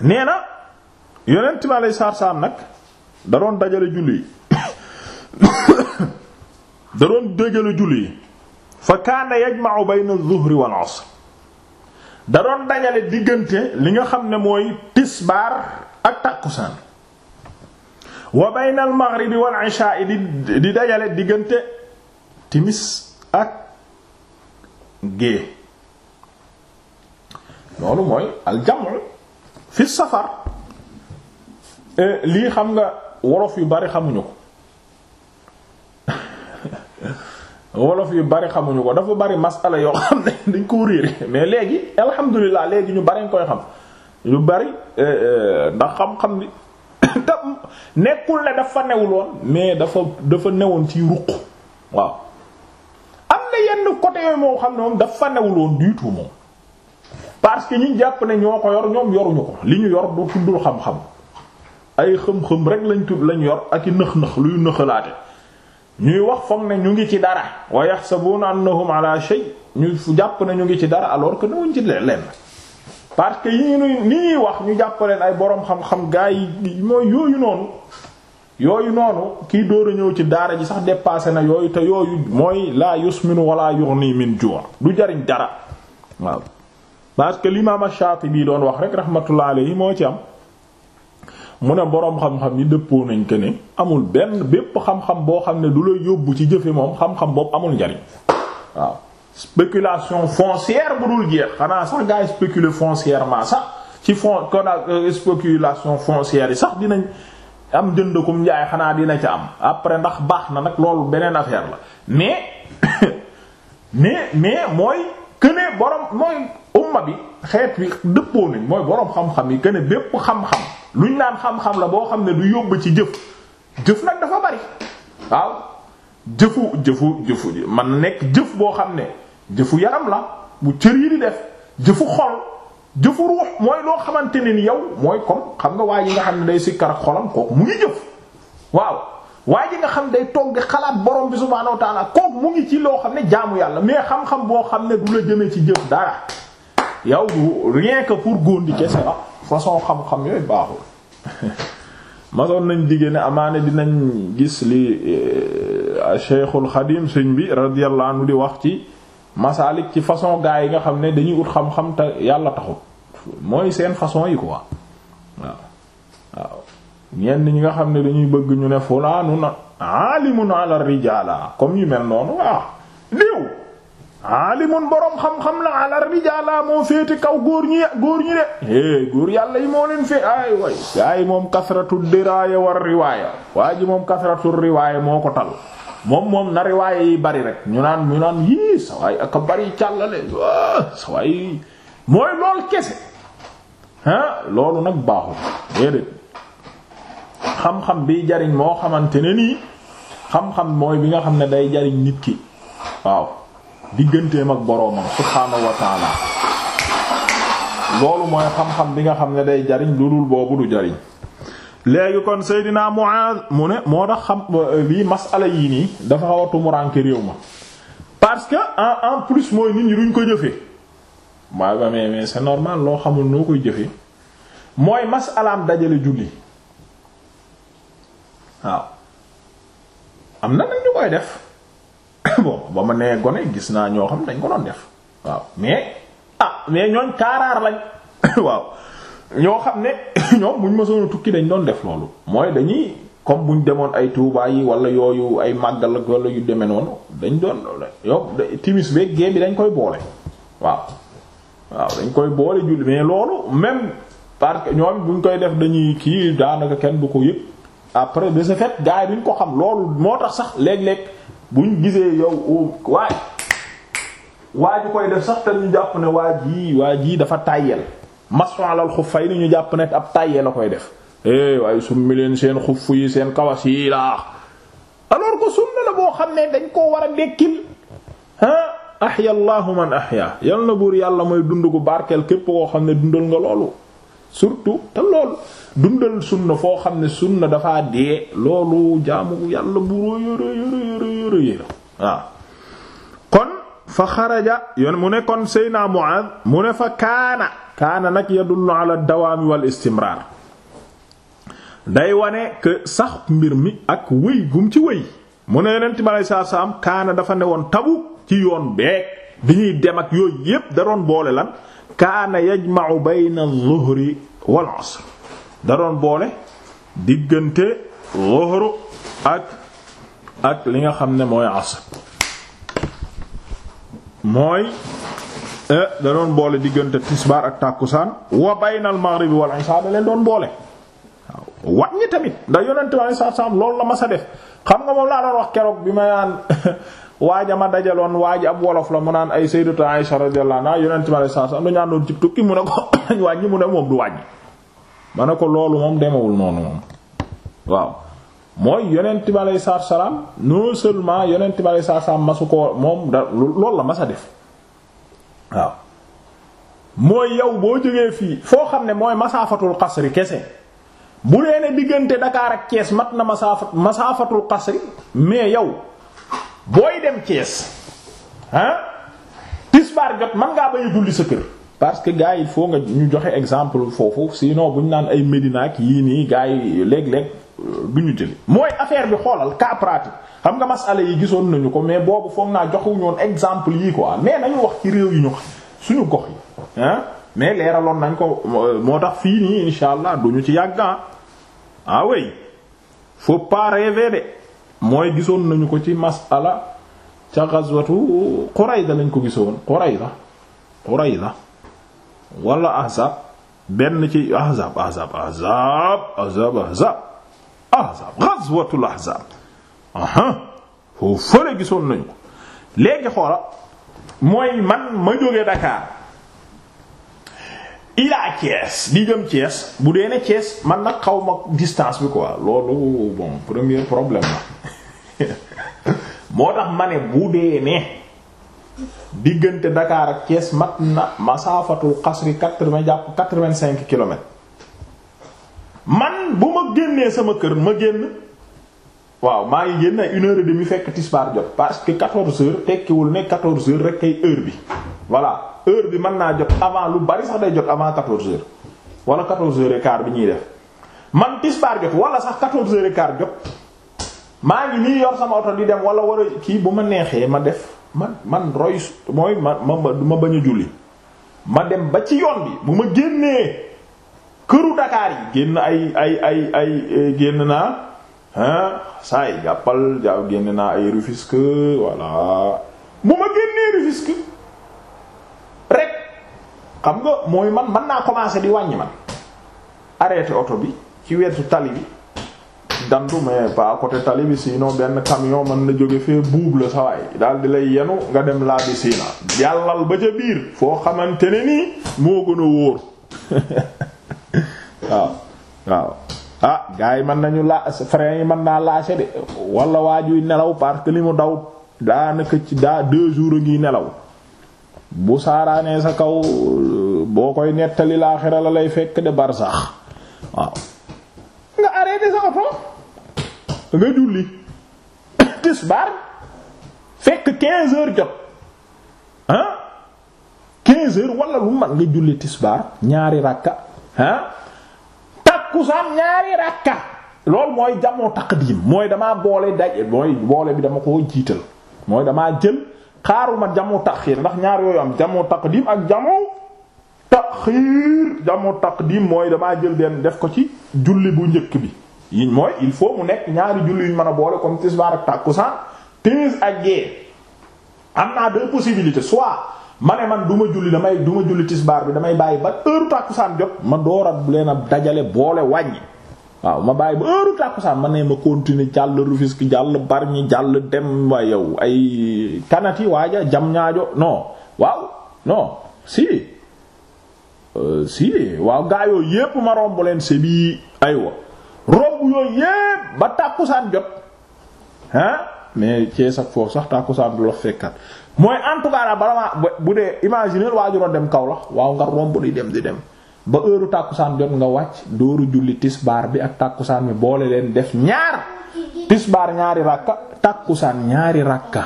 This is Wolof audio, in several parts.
nee na yonent bi aleyhi salaatu salaam nag da doon dajale julli da doon dajale julli fa kaana yajma'u bayna adh-dhuhri wal 'asr da doon dajale diggante li nga xam ne mooy tisbaar ak tàkkusaan wa bayna al-maghribi wal 'ishaa'i di dajale diggante timis ak gée loolu mooy al-jam'u fi safar lii xam nga wolof yu bari xamuñu ko wolof yu bari xamuñu ko dafa bari masala yoo xam ne dañ ko réere mais léegi alhamdulilah léegi ñu bari nga koy xam ñu bari eh, eh, ndax xam-xam ni te nekkul ne dafa newuloon mais dafa dafa newoon ci ruq waaw am na yenn côté xam ne moom dafa newuloon du moom parce que ñu jàpp ne ñoo ko yor ñoom yoruñu ko li ñu yor du tuddul xam-xam ay xëm-xëm rek lañu tudd lañu yor ak yi nëx-nëx luy nëxalaate ñuy wax foog na ñu ngi ci dara wa yahsabuna annahum ala shay ñu jàpp na ñu ngi ci dara alors que ñu ci lenn parce que yi ñu ni ñuy wax ñu jàpp ay boroom xam-xam gaa yi mooy yooyu noonu yooyu noonu kii dóor a ñëw ci daara ji sax dépassé na yooyu te yooyu mooy laa la yusminu wala yughni min ju' du jariñ dara parce que l'imam Shaatibi doon wax rek rahmatullah alayhi moo ci am mu ne boroom xam-xam yi dëppoo nañ que ne amul benn bépp xam-xam boo xam ne du la yóbbu ci jëfe moom xam-xam boobu amul njariñ waaw spéculation foncière bu dul jeex xanaa sax gaa yi spéculer foncièrement sax ci fon kon euh, spéculation foncière yi sax dinañ am jënd kum njaay xanaa dina ca am après ndax baax na nag loolu beneen affaire la mais mais mooy que boroom mooy. umma bi xeet bi dëppoo nañ mooy boroom xam-xam yi que ne bépp xam-xam luñ naan xam-xam la boo xam ne du yóbbu ci jëf jëf nag dafa bari waaw jëfu jëfu jëfu man nekk jëf boo xam ne jëfu yaram la bu cër yi di def jëfu xol jëfu ruux loo xamante ni yow mooy comme xam nga waa ji nga xam ne day sikkar ak xolam kooku mu ngi waaw waa ji nga xam day toog xalaat borom bi subhaanahu wa ta'aala kooku mu ngi ci loo xam ne jaamu yàlla mais xam-xam boo xam ne du la jëmee ci jëf dara yow du rien que pour góondi kese la façon xam-xam yooyu baaxul masoon nañ digée ne amaane dinañ gis li eh, Cheikhul Xadim sëñ bi radiyallahu anhu di wax ci masaalik ci façon gaa yi nga xam ne dañuy ut xam-xam te yàlla taxut mooy seen façon yi quoi waaw waaw ñenn ñi nga xam ne dañuy bëgg ñu ne fulaanu na aalimun ala rijaala comme yu mel noonu waaw néew alimun boroom xam-xam la àlar rijala moo féete kaw góor ñi góor ñi de góor yàlla yi moo leen fee ay way gaa yi moom kasratu diraya war riwaaya waa ji moom kasratu riwaaya moo ko tal moom moom na riwaaya yi bari rek ñu naan ñu naan yii sa aka bari càllale sa mooy lool kese ah loolu nag baaxul déedéet xam-xam bi jariñ moo xamante ne nii xam-xam mooy bi nga xam ne day jariñ nit ki waaw digganteem ak boroomam subhaanahu wa taala loolu mooy xam-xam bi nga xam ne day jariñ lu dul boobu du jariñ léegi kon Seydina Muaaz mu ne moo tax xam lii masala yii nii dafa xaw a tumuraanke réew ma parce que en en plus mooy nit ñi duñ ko jëfee waaye ba mais loo xamul noo koy jëfee mooy masalaam dajale julli waaw am na nag ñu koy def bon ba ma nee gone gis naa ñoo xam dañ ko doon def waaw mais ah mais ñooñ kaaraar lañ waaw ñoo xam ne ñoom buñ mësoon a tukki dañ doon def loolu mooy dañuy comme buñ demoon ay Touba yi wala yooyu ay màggal ak yu demee noonu dañ doon yow timis beeg gée bi dañ koy boole waaw waaw dañ koy boole julli mais loolu même parce que ñoom buñ koy def dañuy kii daanaka kenn bu ko yëg après de ce fait gars yi ko xam loolu moo tax sax léeg-léeg bu ñu gisee yow waay waa ji koy def sax ñu jàpp ne waa ji waa ji dafa tàyyel masu alal xuffay ni ñu jàpp ne ab tàyyel la koy def eh waaye summi leen seen xuff yi seen kawas yi laa alors que sunna la boo xam ne dañ koo war a dekkil ah ahya man ahya yal na buur yàlla mooy dund ku barkeel képp koo xam ne dundal nga loolu surtout te loolu dundal sunna foo xam ne sunna dafaa dee loolu jaamu yàlla bu yore yore yore yore kon fa xaraja yoon mu ne kon Seyna Mu'aaz mu ne fa kaana kaana nag yadullu ala dawaami wal istimraar day wane que sax mbir mi ak wéy gum ci wéy mu ne yonent bi alayhi salaam kaana dafa ne woon tabu ci yoon beek bi ñuy dem ak yooyu yépp da doon boole lan kaana yajma'u bayna zuhri wal asr da doon boole diggante zuhru ak ak li nga xam ne mooy asr mooy eh, da doon boole diggante tisbaar ak tàkkusaan wa baynal maghribi wal isha da leen doon boole waaw wàññi tamit ndax yonente bi sallallahu alayhi wasallam loolu la ma sa def xam nga moom laa doon wax keroog bi ma naan waaja ma dajaloon waaji ab wolof la mu naan ay sayyidatu Aisha radiyallahu anha yonent mi sallallahu alayhi wasallam dañu àndoon ci tukki mu ne ko dañ wàññi mu ne moom du wàññi ma ne ko loolu moom demewul noonu moom waaw mooy yonent mi sallallahu alayhi wasallam non seulement yonent mi sallallahu alayhi wasallam masu ko moom da loolu la masa def waaw mooy yow boo jógee fii foo xam ne mooy masaafatul xasri kese bu dee ne diggante Dakar ak Thiès mat na masaafat masaafatul xasri mais yow booy dem Thiès ah tisbaar jot man ngaa bañ a julli sa kër parce que gars yi foo faut nga ñu joxe exemple foofu sinon bu ñu naan ay Médina ak yii nii gars yi léeg-léeg bu euh, ñu jëli mooy affaire bi xoolal cas pratique xam nga masala yi gisoon nañu ko mais boobu foog naa joxuñoon exemple yi quoi mais nañu wax ci réew yi ñu suñu gox yi ah mais leeraloon nañ ko euh, moo tax fii nii insha allah duñu ci yàgg ah ah oui faut de mooy gisoon nañu ko ci masala ca gazwatu Qurayza lañ ko gisoon Qurayza Qurayza wala ahzab benn ci ahzab ahzab ahzab ahzab ahzab ahzab gazwatul ahzab aha foo fële gisoon nañu ko léegi xoola mooy man ma jóge ilaa Thiès di jëm bu dee ne Thiès man na xaw ma distance bi quoi loolu bon premier problème la moo tax ma ne bu dee ne diggante Dakar ak Thiès mat na masaafatul xasri quatre-vingts jàpp quatre-vingt-cinq kilomètres man bu ma génnee sama kër ma génn waaw maa ngi génn ay une heure et demie fekk tisbaar jot parce que quatorze heures tekkiwul ne quatorze heures rek kay heure bi voilà heure bi man naa jot avant lu bari sax day jot avant quatorze heures wala quatorze bi ñuy def man tisbaar jot wala sax quatorze heures jot maa ngi nii yor sama oto di dem wala war a kii bu ma neexee ma def man man roy mooy ma ma ma bañ a julli ma dem ba ci yoon bi bu ma génnee këru Dakar yi génn ay ay ay ay eh, génn naa ah saa yi jàppal jaaw génn naa ay Rufisque voilà bu ma génnee Rufisque rek xam nga mooy man man naa commencer di wàññi man arrêté oto bi ci wetu tali bi. gandu mais pas côté tali bi benn camion mën na jóge fee buub la sa waay daal di lay yenu nga dem laa bi siina yàllal ba ca biir foo xamante ne nii moo gën a wóor waaw waaw ah gars yi mën nañu la frein yi mën naa lâcher de wala waajuy nelaw parce que li mu daw daanaka ci daa deux jours a ngi nelaw bu saaraanee sa kaw boo koy nettali laaxira la lay fekk de barsax waaw nga arrêté sa oto nga julli tisbaar fekk quinze heures jot ah quinze heures wala lu mag nga julli tisbaar ñaari ràkka ah takkusaan ñaari ràkka loolu mooy jamoo taqdim mooy damaa boole daj mooy boole bi dama ko jiital mooy damaa jël xaaruma jamoo taxiir ndax ñaar yooyu am jamoo taqdim ak jamoo taxiir jamoo taqdim mooy damaa jël benn def ko ci julli bu njëkk bi yi mooy il faut mu nekk ñaari julli yuñ man a boole comme tisbaar ak tàkkusaan timis ak gée am naa deux possibilités soit ma ne man du ma julli damay du julli tisbaar bi damay bàyyi ba heure tàkkusaan jot ma door a leen a dajale boole wàññi waaw ma bàyyi ba heure tàkkusaan ma ne ma continuer jàll Rufisque jàll Bargny jàll dem waa yow ay kanati waaja jam ñaajo non waaw non si euh, si waaw gaayoo yépp ma romb leen sebi aywa yooyu yépp ba tàkkusaan jot ah mais Cees ak foofu sax tàkkusaan du la fekkat mooy en tout cas daal bala maa bu dee imaginer waajuroo dem Kaolack waaw nga romb di dem di dem ba heure tàkkusaan jot nga wàcc dooru julli tisbaar bi ak tàkkusaan bi boole leen def ñaar tisbaar ñaari ràkka tàkkusaan ñaari ràkka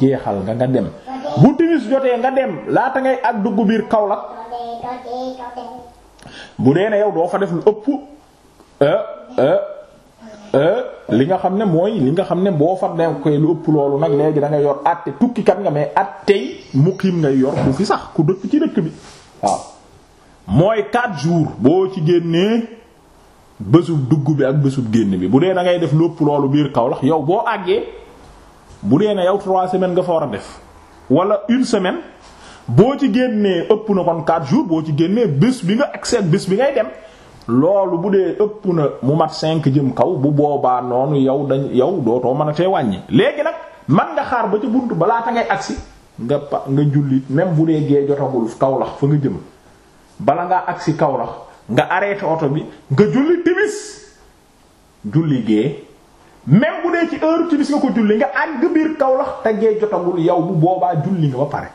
jeexal nga nga dem bu timis jotee nga dem laata ngay ak dugg biir Kaolack bu dee ne yow doo fa def lu ëpp euh, euh, Euh, li nga xam ne mooy li nga xam ne boo fa nekk koy lu ëpp loolu nag léegi da nga yor àtte tukki kat nga mais mu muqiim ngay yor ku fi sax ku dëkk ci dëkk bi waaw mooy 4 jours boo ci génnee bésub dugg bi ak bésub génn bi bu dee da ngay def lu ëpp loolu biir Kaolack yow boo àggee bu dee ne yow 3 semaines nga fa war a def wala une semaine boo ci génnee ëpp na kon 4 jour boo ci génnee bés bi nga accès bés bi ngay dem. loolu bu dee ëpp na mu mat cinq jëm kaw bu boobaa noonu yow dañ yow dootoo man a tee wàññi léegi nag man nga xaar ba ca bunt balaa ta ngay agsi nga pa nga jullit même bu dee gee jotagul Kaolack fa nga jëm bala ngaa agsi Kaolack nga arrêté oto bi nga julli timis julli gee même bu dee ci heure timis nga ko julli nga àgg biir Kaolack te gee jotagul yow bu boobaa julli nga ba pare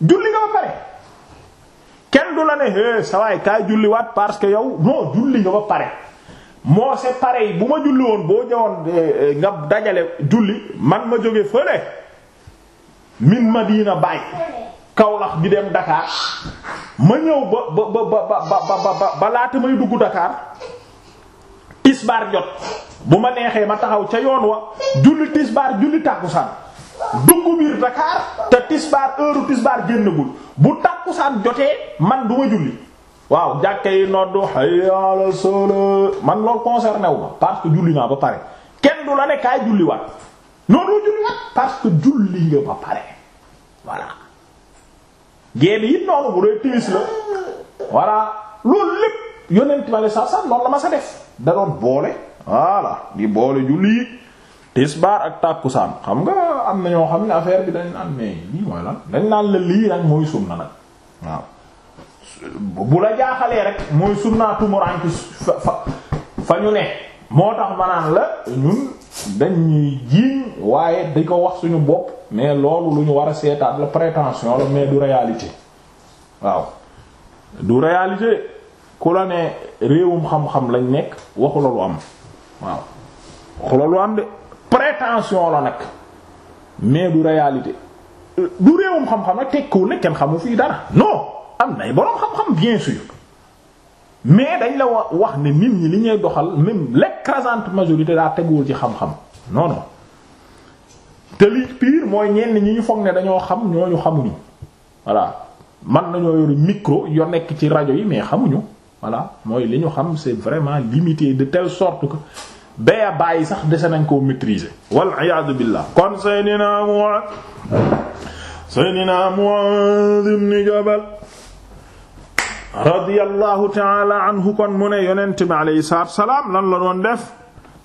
julli nga ba pare kenn du la ne hé eh, sawaay kaay julliwaat parce que yow moo julli nga ba pare moo c'est pareil bu ma julli woon boo ñëwoon eh, eh, nga dajale julli man ma jóge fële min Madina Baye kawlax bi dem Dakar ma ñëw ba ba ba ba ba laata may dugg Dakar tisbaar jot bu ma neexee ma taxaw ca yoon wa julli tisbaar julli tàkkusaan dugg biir Dakar te tisbaar heure tisbaar génnagul tàkkusaan jotee man du ma julli waaw jàkke yi noddu hayya ala sala man loolu concerné wu ma parce que julli naa ba pare kenn du la ne kaay julli waat noonu doo julli waat parce que nga bu dee timis la voilà loolu lépp yonent ma le sa sa la ma sa def da doon boole voilà di boole julli tisbaar ak tàkkusaan xam nga am na ñoo xam ne affaire bi dañ naan mais lii mooy lan dañ naan la lii nag mooy sunna nag waaw bu la jaaxalee rek mooy sunnaa tumuraanki fa fa fa ñu ne moo tax manaan la ñun dañuy jiiñ waaye di ko wax suñu bopp mais loolu lu ñu war a seetaat la prétention la mais du réalité waaw du réalité ku la ne réewum xam-xam lañ nekk waxu la lu am waaw waxu la lu am de prétention la nag mais du réalité du réewum xam-xam nag tekkiwul ne kenn xamu fii dara non am nay boroom xam-xam bien sûr mais dañ la wax ne nit ñi li ñuy doxal même l'écrasante majorité daa teguwul ci xam-xam non non te li pire mooy ñenn ñi ñu foog ne dañoo xam ñooñu xamuñu voilà man nañoo yoru micro yoo nekk ci rajo yi mais xamuñu voilà mooy li ñu xam c'est vraiment limité de telle sorte ko baya bàyyi sax dese nañ koo maîtriser wal iyaadu billah kon seydinaa Mu'aad seydinaa Mu'aad ibn Jabal radiyallahu taala anhu kon mu ne yonent bi alayhi salaatu salaam lan la doon def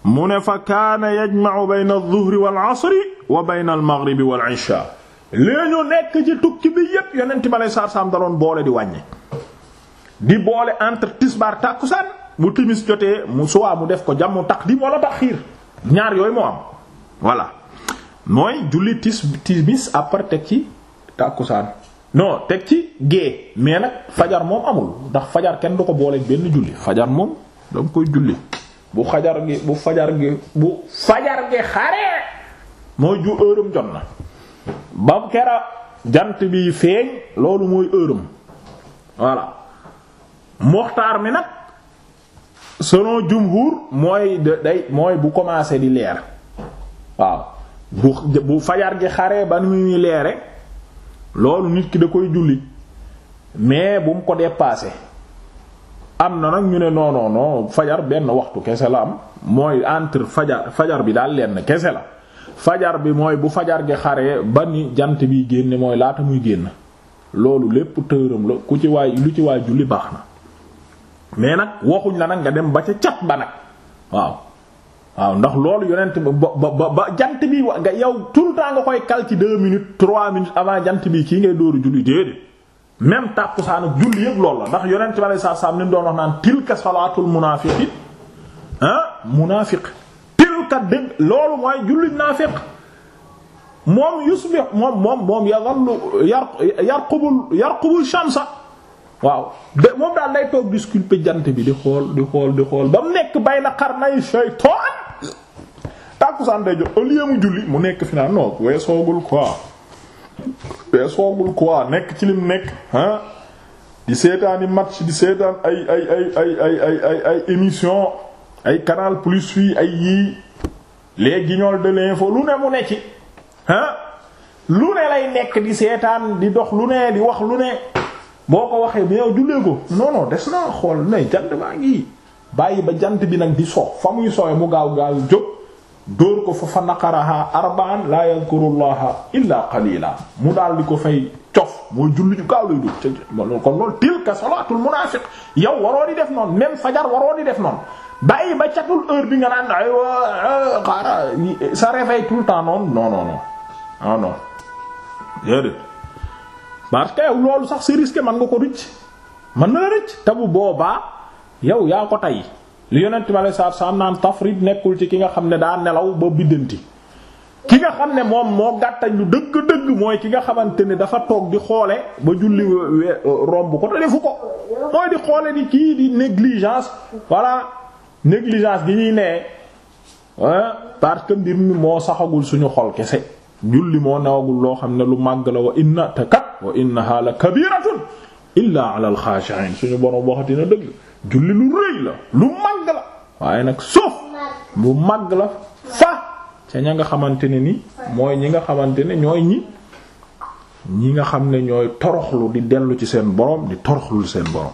mu ne fa kaana yajma'u bayna adh-dhuhri wal 'asri wa bayna al-maghribi wal 'isha lée ñu nekk ci tukki bi yépp yonent bi alayhi salaatu salaam da boole di wàññi di boole entre tisbaar tàkkusaan bu timis jotee mu suwaa mu def ko jàmmu taqdim wala taxiir ñaar yooyu moo am voilà mooy julli tis timis après teg ci tàkkusaan non teg ci gée mais nag fajar moom amul ndax fajar kenn du ko booleeg benn julli fajar moom danga koy julli bu xajar gi bu fajar gi bu fajar gi xare mooy ju heuram jot na ba jant bi feeñ loolu mooy heuram voilà moxtaar mi nag selon jumhur mooy day mooy bu commencé di leer waaw bu bu fajar gi xaree ba nu muy leere loolu nit ki da koy julli mais bu mu ko dépassé am na nag ñu ne non fajar benn waxtu kese la am mooy entre fajar fajar bi daal lenn kese la fajar bi mooy bu fajar gi xare ba ni jant bi génne mooy laata muy génn loolu lépp tëram la ku ci waay lu ci waay julli baax na mais nag waxuñ la nag nga dem ba ca cat ba nag waaw waaw ndax loolu yonent ba ba ba jant bi wa nga yow tout le temps nga koy kal ci deux minutes trois minutes avant jant bi kii ngay dóoru julli déedéet même tàkkusaan ak julli yëpp loolu la ndax yonent bi alei sat salaam ni mu doon wax naan tilka salaatul munaafiqin ah munaafiq tilka dëgg loolu mooy julli naafiq moom yusbih moom moom moom yazallu yarqubul yarqubul shamsa waaw de moom daal day toog di sculpter jant bi di xool di xool di xool ba mu nekk bay na xar nay shaytaan tàkkusaan day jot au lieu mu julli mu nekk fi naan soogul weesoogul quoi weesoogul quoi nekk ci lim nekk ah di seetaani match di seetaan ay ay ay ay ay ay ay émission ay canal plus fii ay yii les guignols de lu ne mu ne ci ah lu ne lay nekk di seetaan di dox lu ne di wax lu ne boo ko waxee mais yow jullee ko non des naa xool ne jant baa ngi bàyyi ba jant bi nag di so fa muy soowe mu gaaw gaaw jóg dóor ko fa fa naqaraha arba'an la yadhkurullaha illa qalila mu daal di ko fay cof mooy julli ju gaaw lay dóor kon loolu tilka salatul munafiq yow waroo di def noonu même fajar waroo di def noonu bàyyi ba catul heure bi nga naan aywa euh, xaaral sa réveil tout le temps noonu non non ah, parce que yow loolu sax c'est risqué mën nga ko rëcc mën na la rëcc te bu boobaa yow yaa ko tey li yonent ma lay saa saa naan tafrid nekkul ci ki nga xam ne daa nelaw ba biddanti ki nga xam ne moom moo gàttañ lu dëgg-dëgg mooy ki nga xamante ne dafa toog di xoole ba julli romb ko te ko di xoole di kii di négligence voilà négligence gi ñuy nee parce que mbir mi moo saxagul suñu xol kese julli moo newagul loo xam ne lu màgg la wa inna te wa innaha la kabiratun illa ala alxaashiin suñu borom waxati dëgg julli lu rëy la lu màgg la waaye nag suuf lu màgg la fa ca ña nga xamante ne ni mooy ñi nga xamante ne ñooy ñi ñi nga xam ne ñooy toroxlu di dellu ci seen borom di toroxlu seen borom